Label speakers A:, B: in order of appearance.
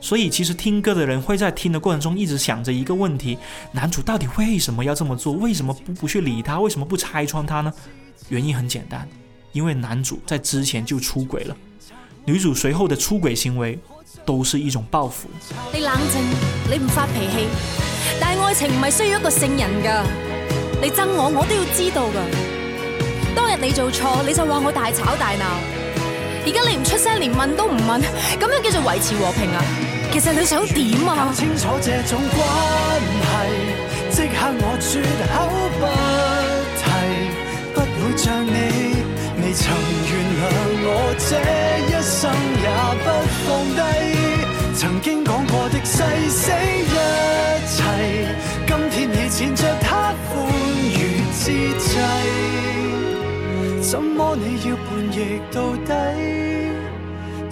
A: 所以，其實聽歌的人會在聽的過程中一直想着一個問題：男主到底為什麼要這麼做？為什麼不不去理他？為什麼不拆穿他呢？原因很簡單，因為男主在之前就出軌了，女主隨後的出軌行為都是一種報復。
B: 你冷靜，你唔發脾氣，但係愛情唔係需要一個聖人噶。你憎我，我都要知道噶。當日你做錯，你就話我大吵大鬧。而家你唔出聲，連問都唔問，咁樣叫做維持和平啊？其實
C: 你想點啊？清楚這種關係，即刻我絕口不提，不會像你未曾原諒我，這一生也不放低，曾經講過的誓死一齊，今天以前着他歡愉之際，怎麼你要叛逆到底